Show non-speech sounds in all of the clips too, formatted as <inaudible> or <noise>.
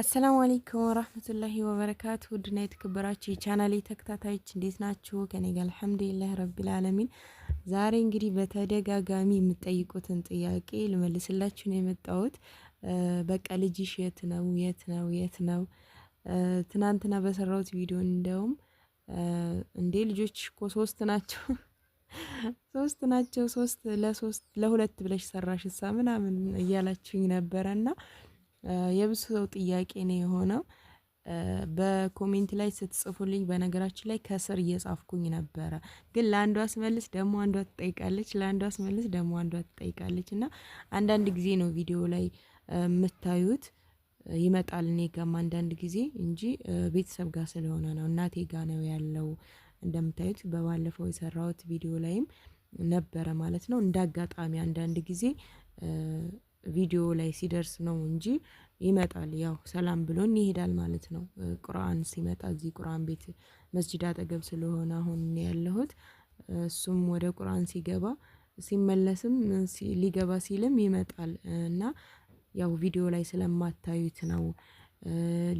አሰላሙ አለይኩም ወራህመቱላሂ ወበረካቱ። ውድና የተከበራችሁ የቻናሌ ተከታታዮች እንዴት ናችሁ? ከኔ ጋር አልሐምዱሊላህ ረቢል አለሚን። ዛሬ እንግዲህ በተደጋጋሚ የምጠይቁትን ጥያቄ ልመልስላችሁ ነው የመጣሁት። በቃ ልጅሽ የት ነው የት ነው የት ነው? ትናንትና በሰራሁት ቪዲዮ እንደውም እንዴ ልጆች እኮ ሶስት ናቸው <laughs> ሶስት ናቸው ሶስት ለሶስት ለሁለት ብለሽ ሰራሽ ሳ ምናምን እያላችሁኝ ነበረና የብዙ ሰው ጥያቄ ነው የሆነው። በኮሜንት ላይ ስትጽፉልኝ በነገራችን ላይ ከስር እየጻፍኩኝ ነበረ፣ ግን ለአንዷ ስመልስ ደግሞ አንዷ ትጠይቃለች፣ ለአንዷ ስመልስ ደግሞ አንዷ ትጠይቃለች። እና አንዳንድ ጊዜ ነው ቪዲዮ ላይ የምታዩት ይመጣል እኔ ጋም አንዳንድ ጊዜ እንጂ ቤተሰብ ጋር ስለሆነ ነው። እናቴ ጋ ነው ያለው። እንደምታዩት በባለፈው የሰራሁት ቪዲዮ ላይም ነበረ ማለት ነው። እንደ አጋጣሚ አንዳንድ ጊዜ ቪዲዮ ላይ ሲደርስ ነው እንጂ ይመጣል። ያው ሰላም ብሎን ይሄዳል ማለት ነው። ቁርአን ሲመጣ እዚህ ቁርአን ቤት መስጂድ አጠገብ ስለሆነ አሁን ያለሁት እሱም ወደ ቁርአን ሲገባ ሲመለስም ሊገባ ሲልም ይመጣል እና ያው ቪዲዮ ላይ ስለማታዩት ነው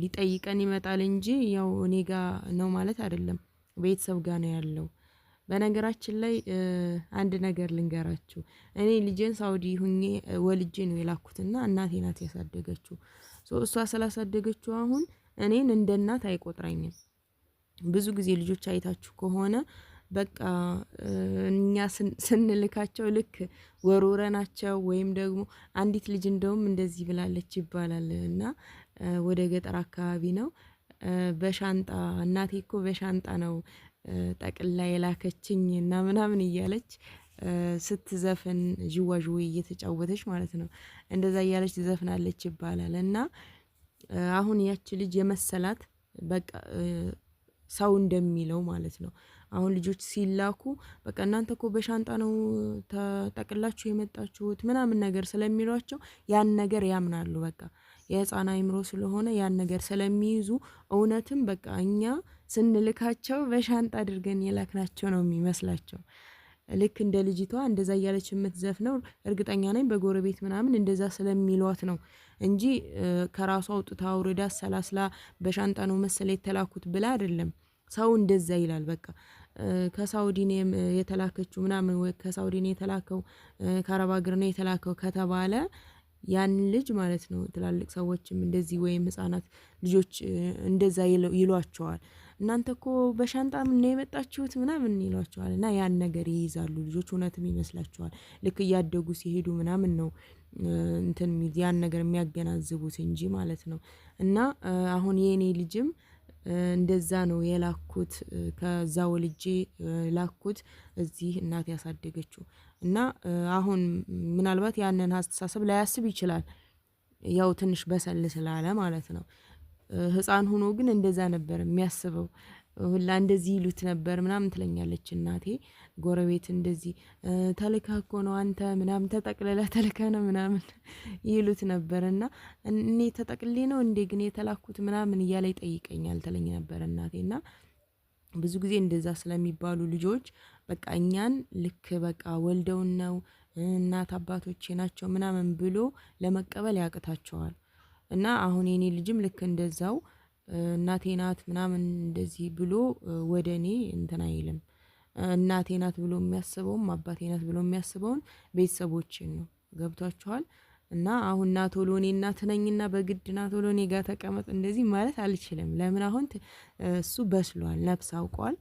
ሊጠይቀን ይመጣል እንጂ ያው እኔ ጋ ነው ማለት አይደለም። ቤተሰብ ጋ ነው ያለው። በነገራችን ላይ አንድ ነገር ልንገራችሁ። እኔ ልጄን ሳውዲ ሁኜ ወልጄ ነው የላኩትና እናቴ ናት ያሳደገችው። እሷ ስላሳደገችው አሁን እኔን እንደ እናት አይቆጥረኝም። ብዙ ጊዜ ልጆች አይታችሁ ከሆነ በቃ እኛ ስንልካቸው ልክ ወሮረ ናቸው ወይም ደግሞ አንዲት ልጅ እንደውም እንደዚህ ብላለች ይባላል እና ወደ ገጠር አካባቢ ነው በሻንጣ እናቴ እኮ በሻንጣ ነው ጠቅላ የላከችኝ እና ምናምን እያለች ስትዘፍን ዥዋዥዌ እየተጫወተች ማለት ነው። እንደዛ እያለች ዘፍናለች ይባላል። እና አሁን ያች ልጅ የመሰላት በቃ ሰው እንደሚለው ማለት ነው። አሁን ልጆች ሲላኩ በቃ እናንተ እኮ በሻንጣ ነው ተጠቅላችሁ የመጣችሁት ምናምን ነገር ስለሚሏቸው ያን ነገር ያምናሉ። በቃ የህፃን አይምሮ ስለሆነ ያን ነገር ስለሚይዙ እውነትም በቃ እኛ ስንልካቸው በሻንጣ አድርገን የላክናቸው ነው የሚመስላቸው። ልክ እንደ ልጅቷ እንደዛ እያለች የምትዘፍነው እርግጠኛ ነኝ በጎረቤት ምናምን እንደዛ ስለሚሏት ነው እንጂ ከራሷ አውጥታ አውርዳ ሰላስላ በሻንጣ ነው መሰለ የተላኩት ብላ አይደለም። ሰው እንደዛ ይላል። በቃ ከሳውዲን የተላከችው ምናምን ወይ ከሳውዲን የተላከው ከአረብ ሀገር ነው የተላከው ከተባለ ያን ልጅ ማለት ነው ትላልቅ ሰዎችም እንደዚህ ወይም ህጻናት ልጆች እንደዛ ይሏቸዋል። እናንተ እኮ በሻንጣ ምና የመጣችሁት ምናምን ይሏቸዋል። እና ያን ነገር ይይዛሉ ልጆች። እውነትም ይመስላችኋል ልክ እያደጉ ሲሄዱ ምናምን ነው እንትን ያን ነገር የሚያገናዝቡት እንጂ ማለት ነው። እና አሁን የእኔ ልጅም እንደዛ ነው የላኩት። ከዛ ወልጄ ላኩት እዚህ እናት ያሳደገችው እና አሁን ምናልባት ያንን አስተሳሰብ ላያስብ ይችላል ያው ትንሽ በሰል ስላለ ማለት ነው። ህፃን ሆኖ ግን እንደዛ ነበር የሚያስበው ሁላ እንደዚህ ይሉት ነበር ምናምን ትለኛለች እናቴ። ጎረቤት እንደዚህ ተልካ እኮ ነው አንተ ምናምን ተጠቅልለ ተልካ ነው ምናምን <laughs> ይሉት ነበር እና እኔ ተጠቅሌ ነው እንዴ ግን የተላኩት ምናምን እያለ ይጠይቀኛል ትለኝ ነበር እናቴ። እና ብዙ ጊዜ እንደዛ ስለሚባሉ ልጆች በቃ እኛን ልክ በቃ ወልደውን ነው እናት አባቶቼ ናቸው ምናምን ብሎ ለመቀበል ያቅታቸዋል። እና አሁን የኔ ልጅም ልክ እንደዛው እናቴ ናት ምናምን እንደዚህ ብሎ ወደ እኔ እንትን አይልም። እናቴ ናት ብሎ የሚያስበውም አባቴ ናት ብሎ የሚያስበውን ቤተሰቦችን ነው። ገብቷችኋል? እና አሁን ና ቶሎ እኔ እናት ነኝና በግድ ና ቶሎ እኔ ጋር ተቀመጥ እንደዚህ ማለት አልችልም። ለምን አሁን እሱ በስሏል፣ ነፍስ አውቋል።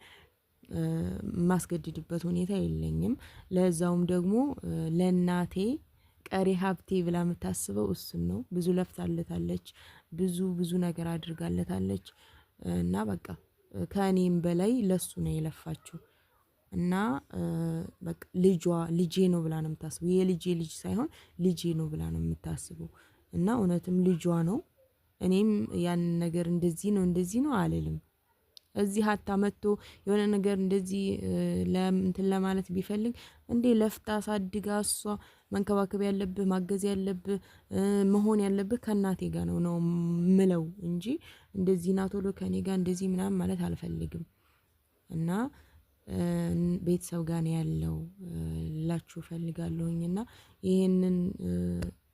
የማስገድድበት ሁኔታ የለኝም። ለዛውም ደግሞ ለእናቴ ቀሪ ሀብቴ ብላ የምታስበው እሱን ነው። ብዙ ለፍታለታለች፣ ብዙ ብዙ ነገር አድርጋለታለች እና በቃ ከእኔም በላይ ለሱ ነው የለፋችው እና በቃ ልጇ ልጄ ነው ብላ ነው የምታስበው። የልጄ ልጅ ሳይሆን ልጄ ነው ብላ ነው የምታስበው እና እውነትም ልጇ ነው። እኔም ያንን ነገር እንደዚህ ነው እንደዚህ ነው አልልም። እዚህ ሀታ መጥቶ የሆነ ነገር እንደዚህ ለምንትን ለማለት ቢፈልግ እንዴ ለፍታ አሳድጋ እሷ መንከባከብ ያለብህ ማገዝ ያለብህ መሆን ያለብህ ከእናቴ ጋር ነው ነው ምለው እንጂ እንደዚህ ናቶሎ ከኔ ጋር እንደዚህ ምናምን ማለት አልፈልግም እና ቤተሰብ ጋር ነው ያለው ላችሁ ፈልጋለሁኝ እና ይህንን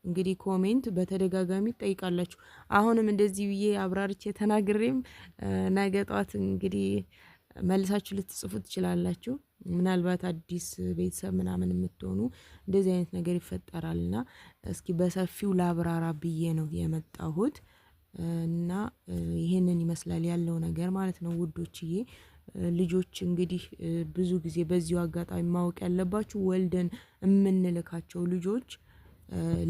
እንግዲህ ኮሜንት በተደጋጋሚ ትጠይቃላችሁ። አሁንም እንደዚህ ብዬ አብራርቼ ተናግሬም ነገ ጠዋት እንግዲህ መልሳችሁ ልትጽፉ ትችላላችሁ። ምናልባት አዲስ ቤተሰብ ምናምን የምትሆኑ እንደዚህ አይነት ነገር ይፈጠራልና እስኪ በሰፊው ላብራራ ብዬ ነው የመጣሁት እና ይህንን ይመስላል ያለው ነገር ማለት ነው ውዶችዬ። ልጆች እንግዲህ ብዙ ጊዜ በዚሁ አጋጣሚ ማወቅ ያለባችሁ ወልደን የምንልካቸው ልጆች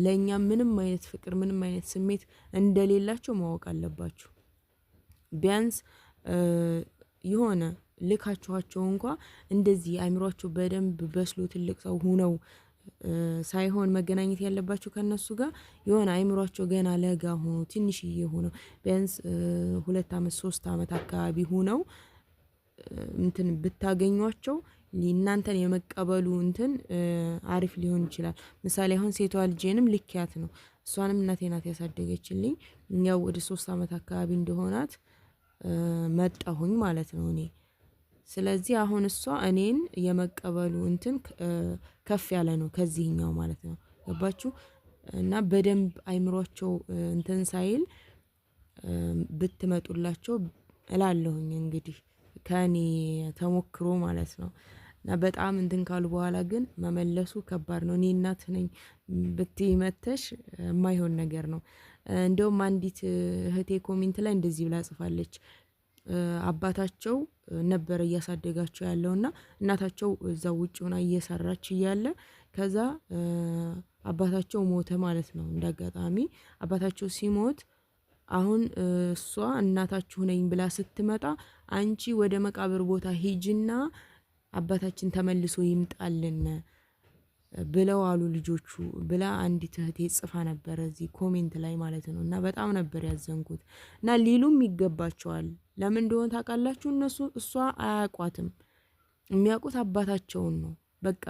ለእኛ ምንም አይነት ፍቅር ምንም አይነት ስሜት እንደሌላቸው ማወቅ አለባችሁ። ቢያንስ የሆነ ልካችኋቸው እንኳ እንደዚህ አይምሯቸው በደንብ በስሎ ትልቅ ሰው ሁነው ሳይሆን መገናኘት ያለባቸው ከነሱ ጋር የሆነ አይምሯቸው ገና ለጋ ሆኖ ትንሽዬ ሆነው ቢያንስ ሁለት አመት ሶስት አመት አካባቢ ሁነው እንትን ብታገኟቸው እናንተን የመቀበሉ እንትን አሪፍ ሊሆን ይችላል። ምሳሌ አሁን ሴቷ ልጄንም ልክያት ነው። እሷንም እናቴ ናት ያሳደገችልኝ። ያው ወደ ሶስት አመት አካባቢ እንደሆናት መጣሁኝ ማለት ነው እኔ ስለዚህ አሁን እሷ እኔን የመቀበሉ እንትን ከፍ ያለ ነው ከዚህኛው ማለት ነው። ገባችሁ? እና በደንብ አይምሯቸው እንትን ሳይል ብትመጡላቸው እላለሁኝ እንግዲህ ከእኔ ተሞክሮ ማለት ነው። እና በጣም እንትን ካሉ በኋላ ግን መመለሱ ከባድ ነው። እኔ እናት ነኝ ብትይ መተሽ የማይሆን ነገር ነው። እንደውም አንዲት እህቴ ኮሜንት ላይ እንደዚህ ብላ ጽፋለች። አባታቸው ነበረ እያሳደጋቸው ያለው እና እናታቸው እዛ ውጭ ሆና እየሰራች እያለ ከዛ አባታቸው ሞተ ማለት ነው። እንደ አጋጣሚ አባታቸው ሲሞት አሁን እሷ እናታችሁ ነኝ ብላ ስትመጣ አንቺ ወደ መቃብር ቦታ ሂጂና አባታችን ተመልሶ ይምጣልን ብለው አሉ ልጆቹ ብላ አንዲት እህቴ ጽፋ ነበረ እዚህ ኮሜንት ላይ ማለት ነው። እና በጣም ነበር ያዘንኩት። እና ሊሉም ይገባቸዋል። ለምን እንደሆነ ታውቃላችሁ? እነሱ እሷ አያውቋትም። የሚያውቁት አባታቸውን ነው በቃ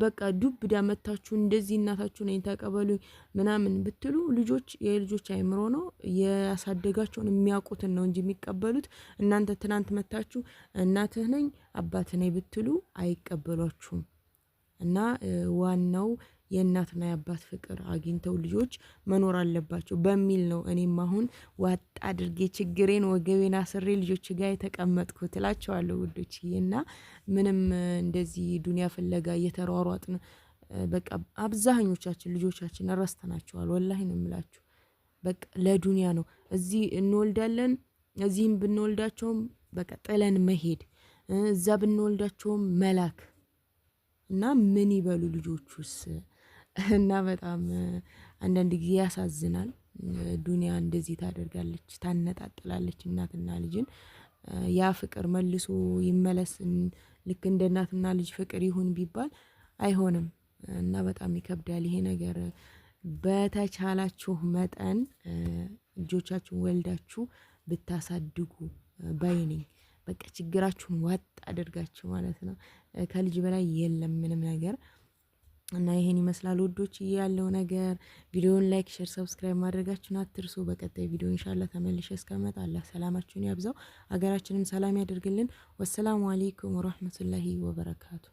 በቃ ዱብ እዳ መታችሁ እንደዚህ እናታችሁን ተቀበሉኝ ምናምን ብትሉ ልጆች የልጆች አይምሮ ነው ያሳደጋቸውን የሚያውቁትን ነው እንጂ የሚቀበሉት። እናንተ ትናንት መታችሁ እናትህ ነኝ አባትህ ነኝ ብትሉ አይቀበሏችሁም እና ዋናው የእናትና የአባት ፍቅር አግኝተው ልጆች መኖር አለባቸው በሚል ነው እኔም አሁን ዋጥ አድርጌ ችግሬን ወገቤን አስሬ ልጆች ጋር የተቀመጥኩ ትላቸዋለሁ ውዶች። እና ምንም እንደዚህ ዱኒያ ፍለጋ እየተሯሯጥን በቃ አብዛኞቻችን ልጆቻችን ረስተናቸዋል። ወላሂ ነው የምላችሁ። በቃ ለዱኒያ ነው። እዚህ እንወልዳለን፣ እዚህም ብንወልዳቸውም በቃ ጥለን መሄድ፣ እዛ ብንወልዳቸውም መላክ እና ምን ይበሉ ልጆቹስ? እና በጣም አንዳንድ ጊዜ ያሳዝናል። ዱንያ እንደዚህ ታደርጋለች ታነጣጥላለች እናትና ልጅን ያ ፍቅር መልሶ ይመለስ ልክ እንደ እናትና ልጅ ፍቅር ይሁን ቢባል አይሆንም። እና በጣም ይከብዳል ይሄ ነገር በተቻላችሁ መጠን ልጆቻችሁን ወልዳችሁ ብታሳድጉ ባይ ነኝ። በቃ ችግራችሁን ዋጥ አድርጋችሁ ማለት ነው። ከልጅ በላይ የለም ምንም ነገር እና ይሄን ይመስላል ውዶች ያለው ነገር። ቪዲዮውን ላይክ፣ ሼር፣ ሰብስክራይብ ማድረጋችሁን አትርሱ። በቀጣይ ቪዲዮ ኢንሻአላህ ተመልሼ እስከመጣ አላህ ሰላማችሁን ያብዛው፣ ሀገራችንም ሰላም ያደርግልን። ወሰላሙ አለይኩም ወራህመቱላሂ ወበረካቱ